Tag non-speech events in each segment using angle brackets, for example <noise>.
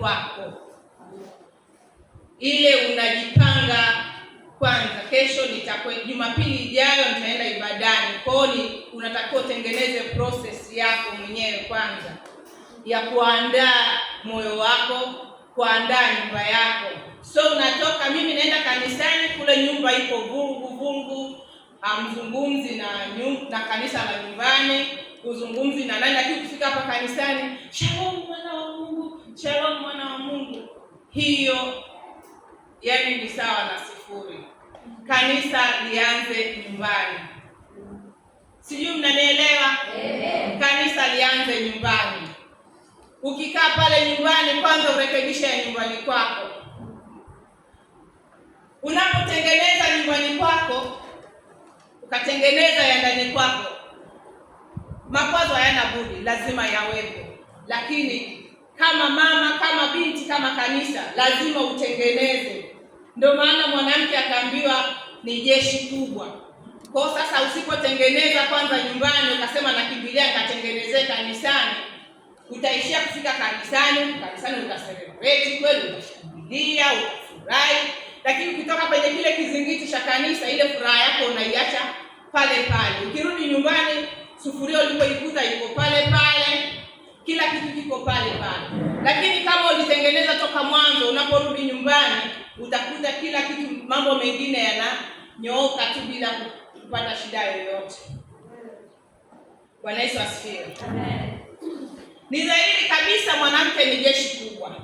kwako, ile unajipanga kwanza. Kesho nitakwe, Jumapili ijayo nitaenda ibadani. Kwa hiyo unatakiwa utengeneze process yako mwenyewe kwanza ya kuandaa moyo wako, kuandaa nyumba yako. So unatoka, mimi naenda kanisani, kule nyumba ipo vungu vungu, amzungumzi na nyum, na kanisa la nyumbani, uzungumzi na nani, lakini ukifika hapa kanisani, Shalom mwana Shalom mwana wa Mungu, hiyo yani ni sawa na sifuri. Kanisa lianze nyumbani, sijui mnanielewa? Kanisa lianze nyumbani. Ukikaa pale nyumbani, kwanza urekebisha ya nyumbani kwako. Unapotengeneza nyumbani kwako, ukatengeneza ya ndani kwako, makwazo hayana budi, lazima yawepo, lakini kama mama, kama binti, kama kanisa, lazima utengeneze. Ndio maana mwanamke akaambiwa ni jeshi kubwa. Kwa sasa usipotengeneza kwanza nyumbani, ukasema nakimbilia katengenezee kanisani, utaishia kufika kanisani, kanisani utaselebreti kweli, utashangilia, utafurahi, lakini ukitoka kwenye kile kizingiti cha kanisa, ile furaha yako unaiacha pale pale. Ukirudi nyumbani, sufuria ulipoikuta iko pale pale kila kitu kiko pale pale, lakini kama ulitengeneza toka mwanzo, unaporudi nyumbani utakuta kila kitu, mambo mengine yananyooka tu bila kupata shida yoyote. Bwana Yesu asifiwe. Ni dhahiri kabisa mwanamke ni jeshi kubwa.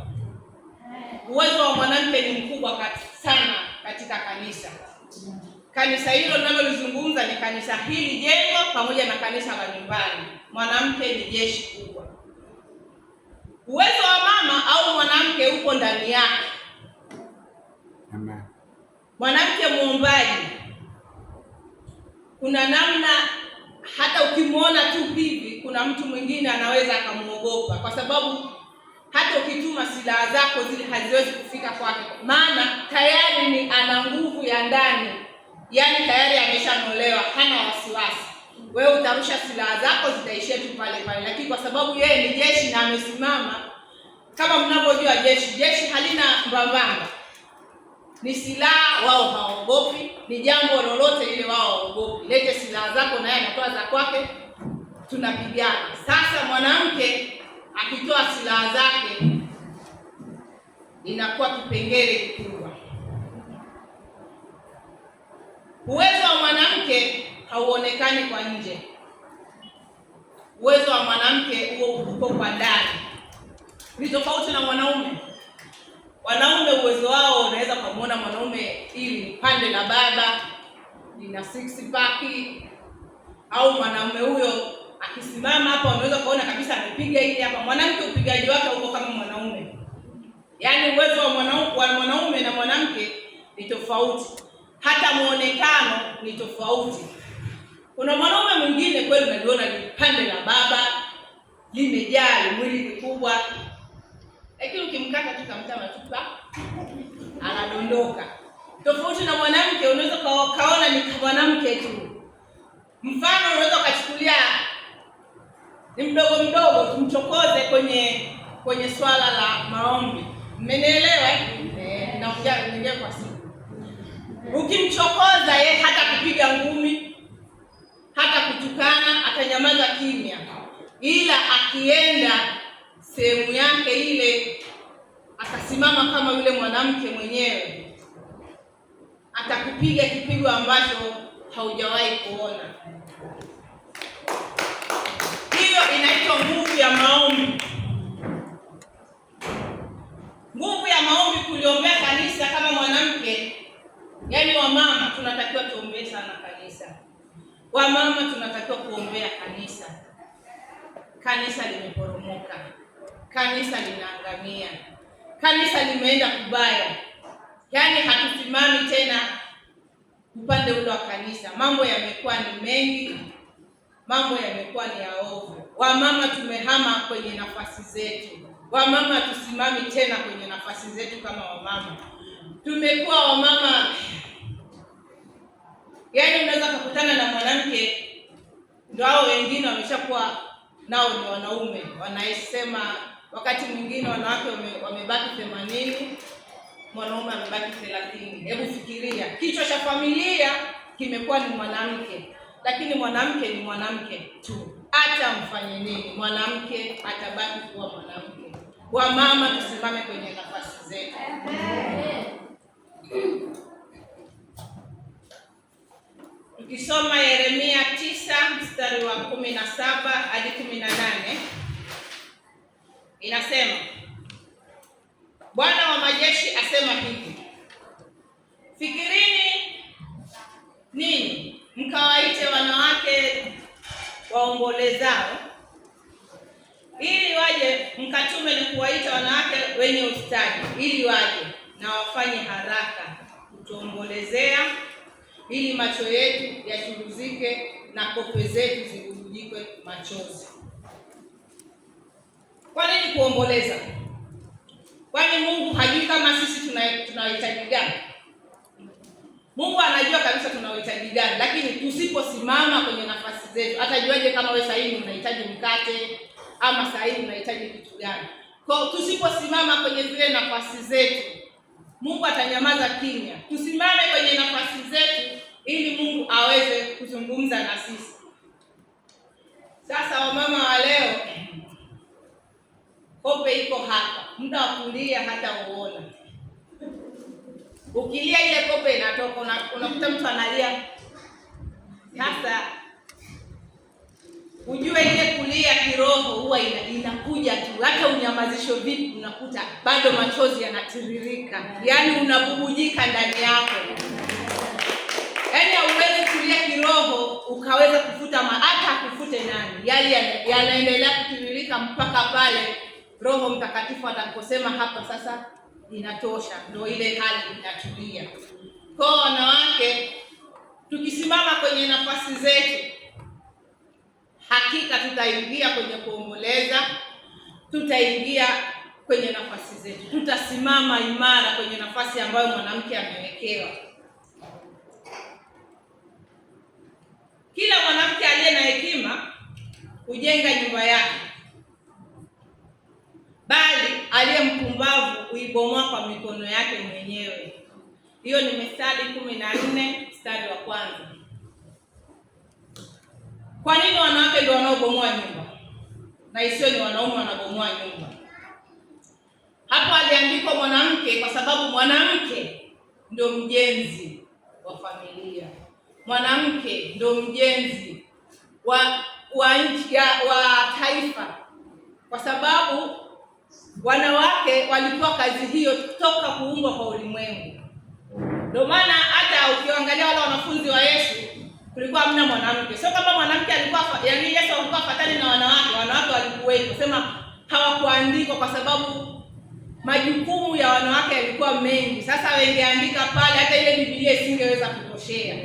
Uwezo wa mwanamke ni mkubwa sana katika kanisa. Kanisa hilo linalolizungumza ni kanisa hili jengo pamoja na kanisa la nyumbani. Mwanamke ni jeshi kubwa. Uwezo wa mama au mwanamke uko ndani yake. Amen. Mwanamke muombaji, kuna namna hata ukimwona tu hivi, kuna mtu mwingine anaweza akamuogopa, kwa sababu hata ukituma silaha zako zile haziwezi kufika kwake, maana tayari ni ana nguvu ya ndani, yaani tayari ameshanolewa, hana wasiwasi wewe utarusha silaha zako zitaishia tu pale pale, lakini kwa sababu yeye ni jeshi na amesimama, kama mnavyojua jeshi, jeshi halina mbambamba, ni silaha, wao haogopi, ni jambo lolote lile, wao haogopi. Lete silaha zako na yeye anatoa za kwake, tunapigana. Sasa mwanamke akitoa silaha zake inakuwa kipengele kikubwa. Uwezo wa mwanamke hauonekani kwa nje. Uwezo wa mwanamke huo uko kwa ndani, ni tofauti na mwanaume. Wanaume uwezo wao unaweza kumuona mwanaume ili pande la baba lina six pack, au mwanaume huyo akisimama hapo unaweza kuona kabisa amepiga hili hapa. Mwanamke upigaji wake uko kama mwanaume, yaani uwezo wa mwanaume wa mwanaume na mwanamke ni tofauti, hata muonekano ni tofauti. Kuna mwanaume mwingine kweli unaliona lipande la baba limejaa mwili mkubwa, lakini ukimkata tu kamta matupa anadondoka. Tofauti na mwanamke, unaweza kaona ni mwanamke tu. Mfano, unaweza ukachukulia ni mdogo mdogo, tumchokoze kwenye kwenye swala la maombi. Mmenielewa? Eh, eh naongea kwa siku. Ukimchokoza yeye hata kupiga ngumi hata kutukana, atanyamaza kimya, ila akienda sehemu yake ile akasimama kama yule mwanamke mwenyewe, atakupiga kipigo ambacho haujawahi kuona. Hiyo inaitwa nguvu ya maombi. Nguvu ya maombi, kuliombea kanisa kama mwanamke, yaani wamama tunatakiwa tuombee sana kanisa. Wamama tunatakiwa kuombea kanisa. Kanisa limeporomoka, kanisa linaangamia, kanisa limeenda kubaya, yaani hatusimami tena upande ule wa kanisa. Mambo yamekuwa ni mengi, mambo yamekuwa ni ya ovu. Wamama tumehama kwenye nafasi zetu. Wamama tusimami tena kwenye nafasi zetu kama wamama, tumekuwa wamama Yaani unaweza kukutana na mwanamke ndio hao wengine wameshakuwa nao ni wanaume wanaisema, wakati mwingine wanawake wamebaki wame themanini, mwanaume amebaki thelathini. Hebu fikiria, kichwa cha familia kimekuwa ni mwanamke, lakini mwanamke ni mwanamke tu, hata mfanye nini, mwanamke atabaki kuwa mwanamke. Wamama, tusimame kwenye nafasi zetu. Ukisoma Yeremia 9 mstari wa 17 hadi 18 inasema, Bwana wa majeshi asema hivi, fikirini nini mkawaite wanawake waombolezao ili waje, mkatume ni kuwaita wanawake wenye ustadi ili waje na wafanye haraka kutuombolezea ili macho yetu yachuruzike na kope zetu zibubujikwe machozi. Kwa nini kuomboleza? Kwani Mungu hajui kama sisi tunahitaji gani? Mungu anajua kabisa tunahitaji gani, lakini tusiposimama kwenye nafasi zetu, atajuaje kama wewe sasa unahitaji mkate ama sasa unahitaji kitu gani? Kwa tusiposimama kwenye zile nafasi zetu Mungu atanyamaza kimya. Tusimame kwenye nafasi zetu ili Mungu aweze kuzungumza na sisi. Sasa wamama wa leo, hope iko hapa, muda wa kulia hata uona. Ukilia ile kope inatoka, unakuta mtu analia sasa Ujue ile kulia kiroho huwa inakuja tu, hata unyamazisho vipi, unakuta bado machozi yanatiririka, yaani unabubujika ndani yako, yaani hauwezi kulia kiroho ukaweza kufuta hata akufute nani, yale yaani yanaendelea kutiririka mpaka pale Roho Mtakatifu ataposema hapa sasa inatosha, ndio ile hali inatulia. Kwa wanawake, tukisimama kwenye nafasi zetu Hakika tutaingia kwenye kuomboleza, tutaingia kwenye nafasi zetu, tutasimama imara kwenye nafasi ambayo mwanamke amewekewa. Kila mwanamke aliye na hekima hujenga nyumba yake, bali aliye mpumbavu huibomoa kwa mikono yake mwenyewe. Hiyo ni Methali kumi na nne mstari wa kwanza. Kwa nini wanawake ndio wanaobomoa nyumba na isiyo ni wanaume wanabomoa nyumba? Hapo aliandikwa mwanamke kwa sababu mwanamke ndio mjenzi wa familia, mwanamke ndio mjenzi wa wa nchi ya wa taifa, kwa sababu wanawake walipewa kazi hiyo kutoka kuumbwa kwa ulimwengu. Ndio maana hata ukiangalia wale wanafunzi wa Yesu kulikuwa hamna mwanamke. Sio kama mwanamke alikuwa yaani, Yesu alikuwa fatani na wanawake, wanawake walikuwepo, sema hawakuandikwa kwa sababu majukumu ya wanawake yalikuwa mengi. Sasa wengeandika pale, hata ile Biblia isingeweza kutoshea.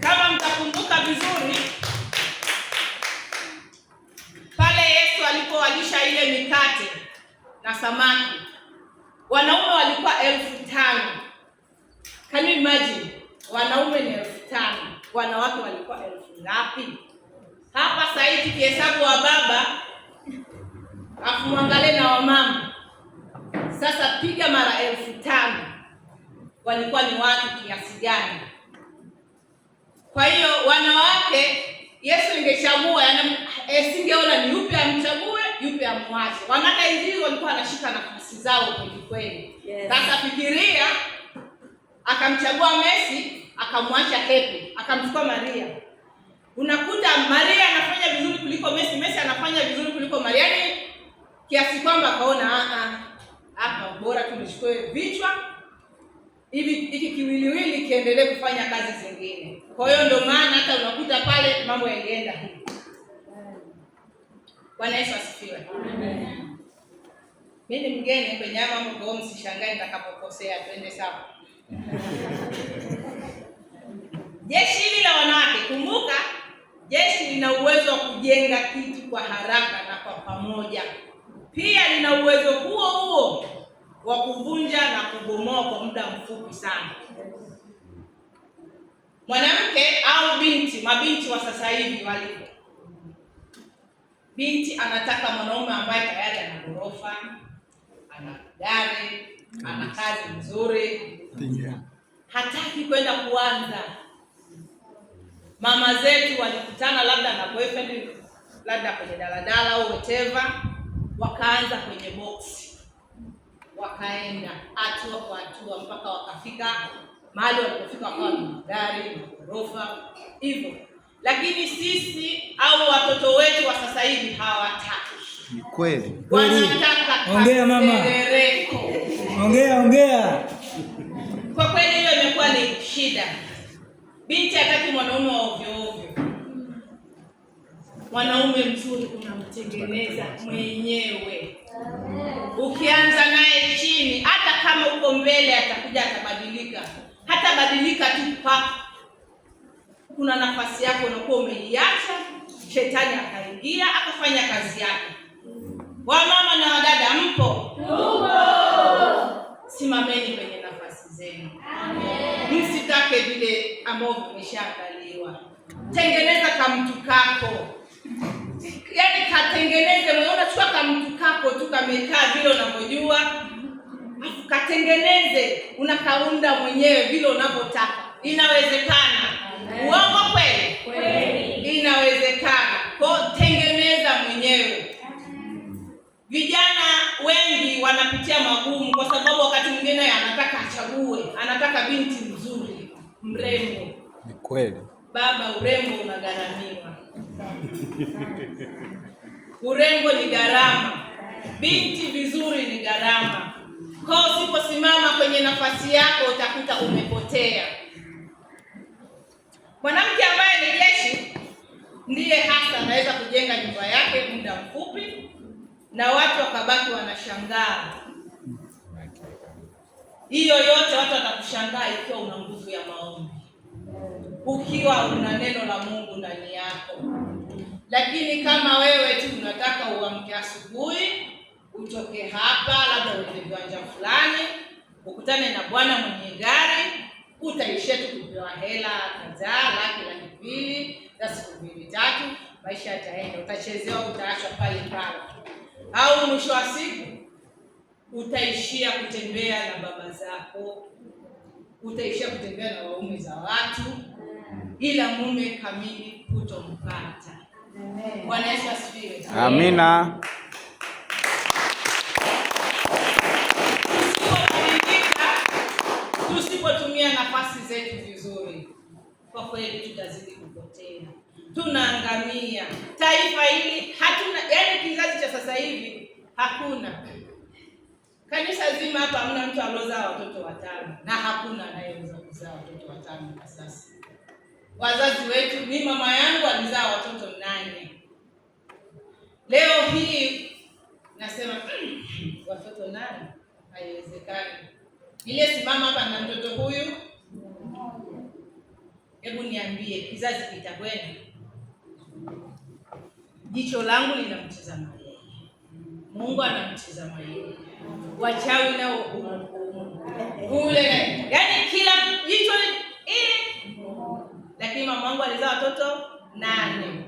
Kama mtakumbuka vizuri, pale Yesu alipowalisha ile mikate na samaki, wanaume walikuwa elfu tano. Can you imagine? Wanaume ni elfu tano wanawake walikuwa elfu ngapi? Hapa saizi kihesabu wa baba afu na wamama, sasa piga mara elfu tano walikuwa ni watu kiasi gani? Kwa hiyo wanawake, Yesu ingechagua eh, singeona ni yupi amchague yupi amwache. Wanaka injili walikuwa anashika nafasi zao kwelikweli Sasa yes. Fikiria akamchagua Messi akamwacha Hepi, akamchukua Maria. Unakuta Maria anafanya vizuri kuliko Messi, Messi anafanya vizuri kuliko Maria, yaani kiasi kwamba akaona ah, ah, hapa bora tumchukue vichwa hivi, hiki kiwiliwili kiendelee kufanya kazi zingine. Kwa hiyo ndio maana hata unakuta pale mambo yalienda hivi. Bwana Yesu asifiwe. Mimi ni mgeni kwenye mambo, msishangae nitakapokosea. Twende sawa. Jeshi hili la wanawake, kumbuka, jeshi lina uwezo wa kujenga kitu kwa haraka na kwa pamoja. Pia lina uwezo huo huo wa kuvunja na kubomoa kwa muda mfupi sana. Mwanamke au binti, mabinti wa sasa hivi walipo, binti anataka mwanaume ambaye tayari ana ghorofa, ana gari, ana kazi nzuri, hataki kwenda kuanza mama zetu walikutana labda na boyfriend labda kwenye daladala au whatever, wakaanza kwenye box, wakaenda hatua kwa hatua mpaka wakafika mahali walipofika, wakawa na gari ghorofa hivyo. Lakini sisi au watoto wetu wa sasa hivi hawataki, ni kweli, wanataka ongea mama, ongea ongea. Kwa kweli hiyo imekuwa ni shida. Binti hataki mwanaume wa ovyo ovyo. Mwanaume mzuri unamtengeneza mwenyewe, ukianza naye chini, hata kama uko mbele, atakuja atabadilika, hata badilika tu pa kuna nafasi yako unakuwa umeiacha, shetani akaingia akafanya kazi yake. Wamama na wadada, mpo? Simameni kwenye nafasi zenu. Msitake vile ambavyo vimeshaangaliwa. Tengeneza kamtu kako, yaani katengeneze mweona, chukua kamtu kako tu kamekaa vile unavyojua, katengeneze unakaunda mwenyewe vile unavyotaka. Inawezekana. Uongo kweli? Kweli. Inawezekana. Kwa tengeneza mwenyewe. Vijana wengi wanapitia magumu, kwa sababu wakati mwingine anataka achague, anataka binti mzuri, mrembo. Ni kweli baba, urembo unagharamiwa urembo ni gharama, binti vizuri ni gharama. Kwa hiyo usiposimama kwenye nafasi yako utakuta umepotea. Mwanamke ambaye ni jeshi ndiye hasa anaweza kujenga nyumba yake muda mfupi na watu wakabaki wanashangaa. Hiyo yote watu watakushangaa ikiwa una nguvu ya maombi, ukiwa una neno la Mungu ndani yako. Lakini kama wewe tu unataka uamke asubuhi, utoke hapa, labda uende viwanja fulani, ukutane na bwana mwenye gari, utaishia tu kupewa hela kadhaa, laki laki mbili na siku mbili tatu, maisha yataenda, utachezewa, utaachwa pale pale au mwisho wa siku utaishia kutembea na baba zako, utaishia kutembea na waume za watu, ila mume kamili kutompata. Bwana Yesu asifiwe. Amina. tusipotumia nafasi zetu kwa kweli tutazidi kupotea, tunaangamia taifa hili. Hatuna yani kizazi cha sasa hivi hakuna kanisa zima hapa, hamna mtu aliozaa watoto watano, na hakuna anayeweza kuzaa watoto watano kwa sasa. Wazazi wetu, mi mama yangu alizaa watoto nane. Leo hii nasema mm, watoto nane haiwezekani. ile simama hapa na mtoto huyu Hebu niambie, kizazi kitakwenda, jicho langu linamtazama yeye, Mungu anamtazama yeye, wachawi nao kule, yaani kila jicho ile. Lakini mama wangu alizaa watoto nane,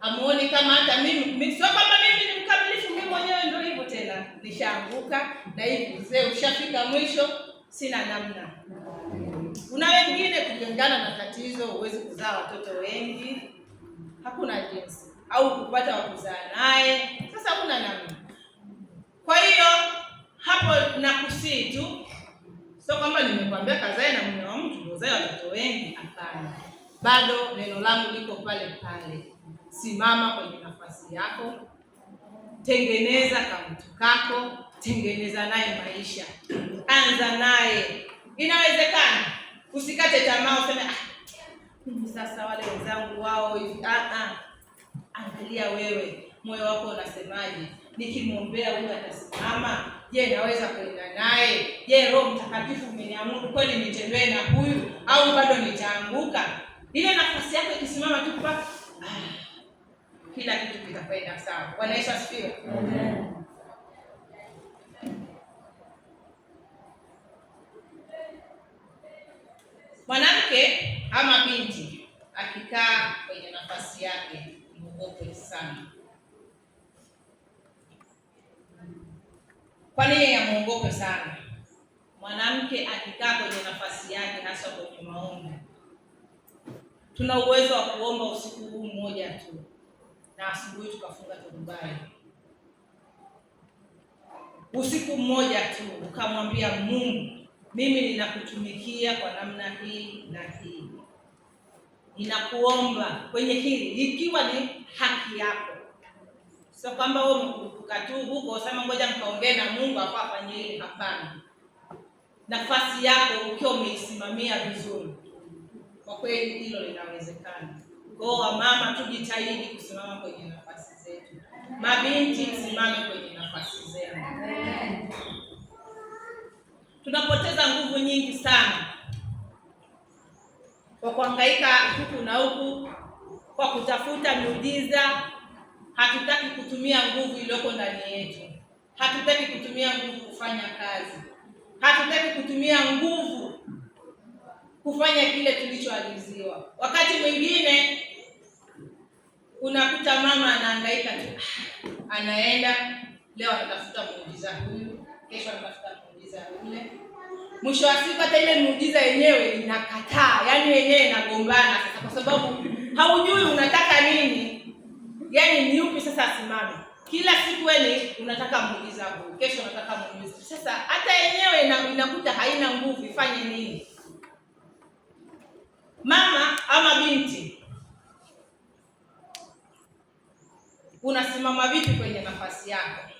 amuoni kama hata mimi, sio kama mimi ni mkamilifu, mimi mwenyewe ndio hivyo tena, nishaanguka na hivi, uzee ushafika mwisho, sina namna kuna wengine kulingana na tatizo, huwezi kuzaa watoto wengi, hakuna jinsi, au kupata wakuzaa naye, sasa hakuna namna. Kwa hiyo hapo nakusii tu, sio kwamba nimekwambia kazae na mume wa mtu uzae watoto wengi, hapana. Bado neno langu liko pale pale, simama kwenye nafasi yako, tengeneza kamtu kako, tengeneza naye maisha, anza naye, inawezekana. Usikate tamaa useme Mungu, ah, sasa wale wenzangu wao hivi. Ah ah, angalia wewe, moyo wako unasemaje? Nikimwombea huyu atasimama? Je, naweza kwenda naye? Je, Roho Mtakatifu umeniamuru kweli nitembee na huyu au bado nitaanguka? Ile nafasi yako ikisimama tu, ah, kila kitu kitakwenda sawa. Bwana Yesu asifiwe. Amen. Mwanamke ama binti akikaa kwenye nafasi yake, muogope sana. Kwa nini yamuogope sana? Mwanamke akikaa kwenye nafasi yake, hasa kwenye maombi, tuna uwezo wa kuomba usiku huu mmoja tu na asubuhi tukafunga turubai usiku mmoja tu ukamwambia Mungu mimi ninakutumikia kwa namna hii na hii, ninakuomba kwenye hili, ikiwa ni haki yako, sio kwamba wewe umekurupuka tu huko sema ngoja nikaongee na Mungu hapo afanye hili. Hapana, nafasi yako ukiwa umeisimamia vizuri, kwa kweli hilo linawezekana. Kwa wamama, tujitahidi kusimama kwenye nafasi zetu. Mabinti, msimame kwenye nafasi zenu tunapoteza nguvu nyingi sana kwa kuangaika huku na huku, kwa kutafuta miujiza. Hatutaki kutumia nguvu iliyoko ndani yetu, hatutaki kutumia nguvu kufanya kazi, hatutaki kutumia nguvu kufanya kile tulichoagiziwa. Wakati mwingine unakuta mama anaangaika tu, <sighs> anaenda leo anatafuta muujiza huyu, kesho anatafuta muujiza yule mwisho wa siku hata ile muujiza yenyewe inakataa, yaani yenyewe inagombana sasa, kwa sababu haujui unataka nini, yaani ni upi sasa asimame. Kila siku wewe unataka muujiza huu, kesho unataka muujiza. Sasa hata yenyewe inakuta haina nguvu, ifanye nini? Mama ama binti, unasimama vipi kwenye nafasi yako?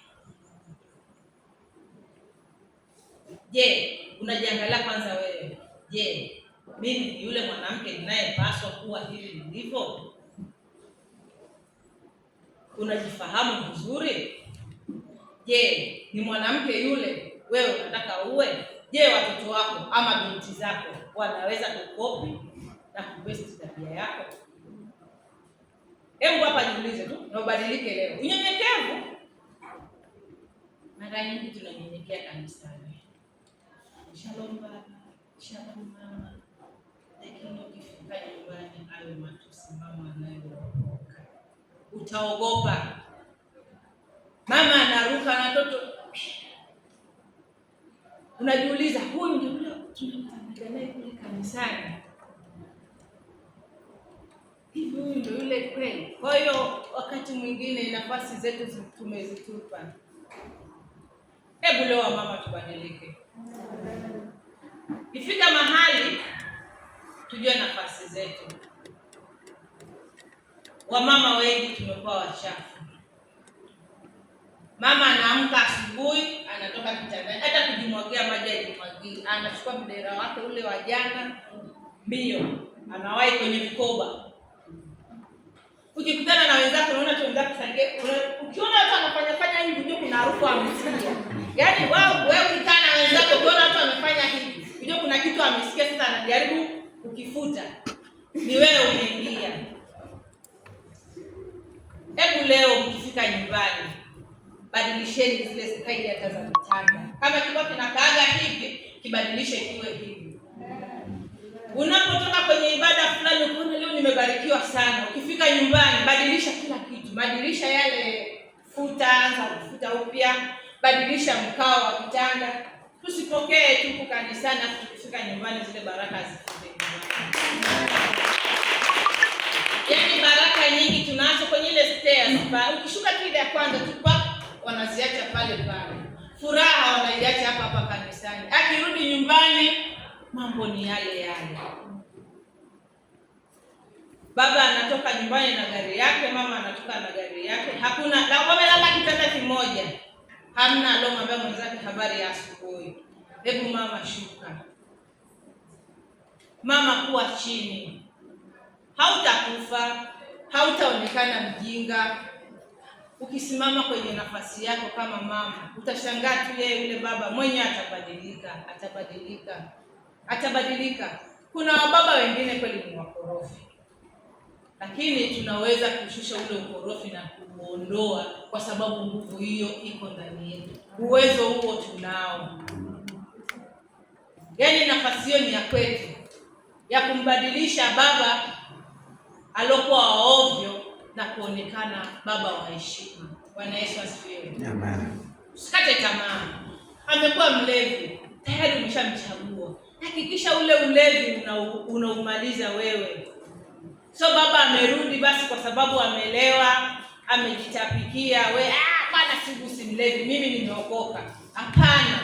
Je, unajiangalia kwanza wewe? Je, mimi ni yule mwanamke ninayepaswa kuwa hivi nilivyo? Unajifahamu vizuri? Je, ni mwanamke yule wewe unataka uwe? Je, watoto wako ama binti zako wanaweza kukopi na kubesti tabia yako? Hebu hapa jiulize tu na ubadilike leo. Unyenyekevu, mara nyingi tunanyenyekea kanisani Shalom baba, shalom mama, lakini ukifika nyumbani ayo matusimama anayookoka utaogopa. Mama anaruka na toto unajiuliza huyu ndio tunamtangaza naye kule kanisani, hivi huyu ndio yule kweli? Kwa hiyo wakati mwingine nafasi zetu tumezitupa. Hebu leo mama tubadilike. Ifika mahali tujue nafasi zetu. Wamama wengi tumekuwa wachafu. Mama anaamka asubuhi, anatoka kitandani, hata kujimwagia maji ajimwagii, anachukua mdera wake ule wa jana, mbio anawahi kwenye mikoba ukikutana na wenzako unaona tu wenzako sange, ukiona watu wanafanya fanya hivi unajua kuna harufu amesikia. Yaani wao wewe ukikutana na wenzako ukiona watu wamefanya hivi unajua kuna kitu amesikia, sasa anajaribu kukifuta, ni wewe umeingia. Hebu leo mkifika nyumbani, badilisheni zile staili hata za kitanda. Kama kilikuwa kinakaaga hivi, kibadilishe kiwe hivi. Unapotoka kwenye ibada fulani, ukiona leo nimebarikiwa sana, ukifika nyumbani, badilisha kila kitu, badilisha yale futa, za kufuta upya, badilisha mkao wa kitanda. Tusipokee tu kanisani, afu tukifika nyumbani zile baraka zifute. Yaani baraka nyingi tunazo kwenye ile stairs pale, ukishuka tu ile ya kwanza tupa wanaziacha pale pale, furaha wanaiacha hapa hapa kanisani, akirudi nyumbani mambo ni yale yale. Baba anatoka nyumbani na gari yake, mama anatoka na gari yake, hakuna wamelala kitanda kimoja, hamna alomwambia mwenzake habari ya asubuhi, hebu mama shuka, mama kuwa chini, hautakufa, hautaonekana mjinga. Ukisimama kwenye nafasi yako kama mama, utashangaa tu yeye, yule baba mwenye atabadilika, atabadilika atabadilika. Kuna wababa wengine kweli ni wakorofi, lakini tunaweza kushusha ule ukorofi na kuuondoa, kwa sababu nguvu hiyo iko ndani yetu, uwezo huo tunao. Yaani nafasi hiyo ni ya kwetu, ya kumbadilisha baba alokuwa waovyo na kuonekana baba wa heshima. Bwana Yesu asifiwe. Amen. Usikate tamaa. Amekuwa mlevi tayari, umeshamchagua hakikisha ule ulevi unaumaliza una wewe. So baba amerudi basi, kwa sababu amelewa, amejitapikia we, ah, bana siku mlevi mimi nimeokoka. Hapana,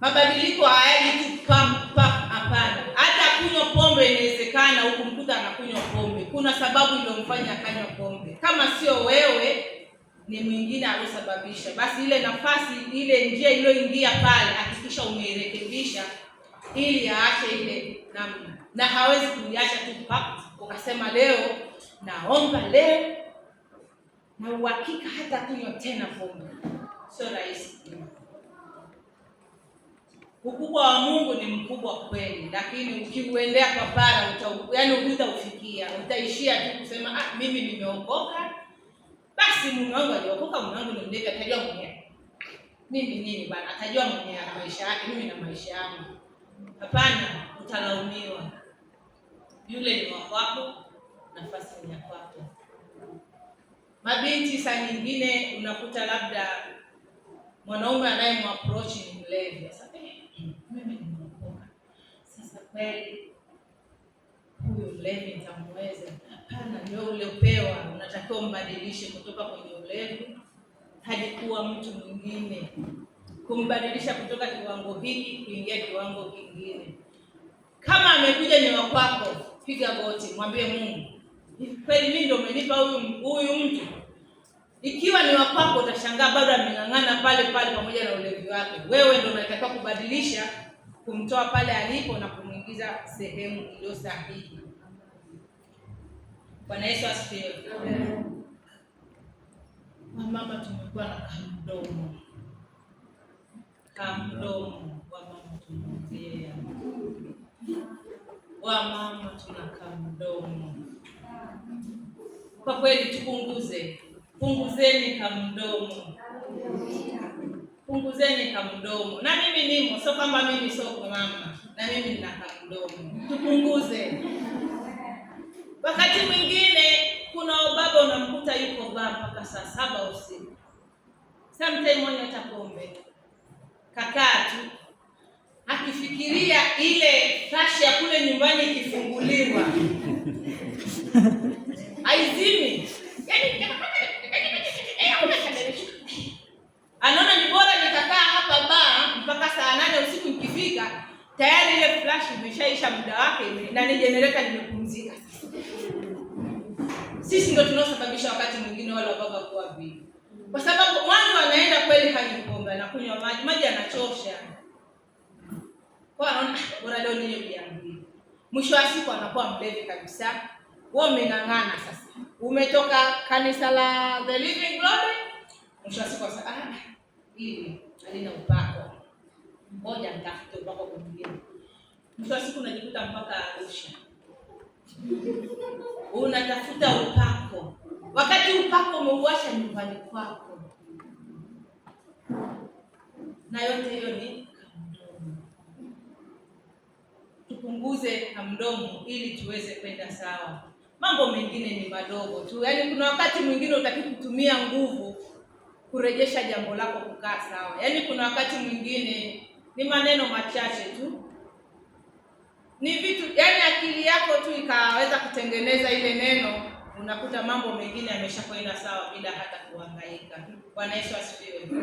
mabadiliko hayaji tu pam pam, hapana. Hata kunywa pombe inawezekana, ukumkuta anakunywa pombe, kuna sababu iliyomfanya akanywa pombe. Kama sio wewe ni mwingine alosababisha, basi ile nafasi ile njia iliyoingia pale kisha umeirekebisha ili yaache ile namna, na hawezi kuiacha tu ukasema leo naomba leo na uhakika hata kunywa tena pombe, sio rahisi. Ukubwa wa Mungu ni mkubwa kweli, lakini ukiuendea kwa bara uta, yaani utaufikia, utaishia tu kusema ah, mimi nimeokoka, basi mume wangu aliokoka, mume wangu atajua mwenyewe mimi nini bwana, atajua mwenye maisha yake, mimi na maisha yangu. Hapana, utalaumiwa. Yule ni wa kwako, nafasi ni ya kwako. Mabinti saa nyingine unakuta labda mwanaume anayemwaproach ni mlevi. Sasa eh, mimi nimeokoka, sasa kweli huyu mlevi nitamweza? Hapana, ndio uliopewa, unatakiwa umbadilishe kutoka kwenye ulevi hadi kuwa mtu mwingine, kumbadilisha kutoka kiwango hiki kuingia kiwango kingine. Kama amekuja ni wakwako, piga goti, mwambie Mungu, kweli mimi ndio umenipa huyu huyu mtu. Ikiwa ni wakwako, utashangaa bado ameng'ang'ana pale pale pamoja na ulevi wake. Wewe ndio unatakiwa kubadilisha, kumtoa pale alipo na kumwingiza sehemu iliyo sahihi. Bwana Yesu asifiwe mama tumekuwa na kamdomo, kamdomo. Wamama tunaongea, wamama tuna kamdomo. Kwa kweli tupunguze, punguzeni kamdomo, punguzeni kamdomo. Na mimi nimo, sio kwamba mimi soko mama, na mimi nina kamdomo. Tupunguze wakati mwingine kuna baba unamkuta yuko baa mpaka saa saba usiku, sometime mwenye hata pombe kakaa tu akifikiria ile flash ya kule nyumbani ikifunguliwa <laughs> aizimi, yaani, anaona ni bora nikakaa hapa baa mpaka saa nane usiku, nikifika tayari ile flash imeshaisha muda wake na ni jenereta nimepumzika sisi ndio tunaosababisha wakati mwingine wale wababa kuwa vivi, kwa sababu mwanzo anaenda kweli haji na kunywa maji, maji anachosha, kwa anaona ah, bora leo nije kujiambia. Mwisho wa siku anakuwa mlevi kabisa. Wewe umenang'ana sasa, umetoka kanisa la The Living Glory, mwisho wa siku sasa, ah, hili alina upako, ngoja nitafute upako mwingine. Mwisho wa siku unajikuta mpaka Arusha unatafuta upako, wakati upako umeuwasha nyumbani kwako, na yote hiyo ni kamdomo. Tupunguze mdomo ili tuweze kwenda sawa. Mambo mengine ni madogo tu, yaani kuna wakati mwingine utaki kutumia nguvu kurejesha jambo lako kukaa sawa, yaani kuna wakati mwingine ni maneno machache tu ni vitu yani, akili yako tu ikaweza kutengeneza ile neno, unakuta mambo mengine yameshakwenda sawa bila hata kuhangaika. Bwana Yesu asifiwe.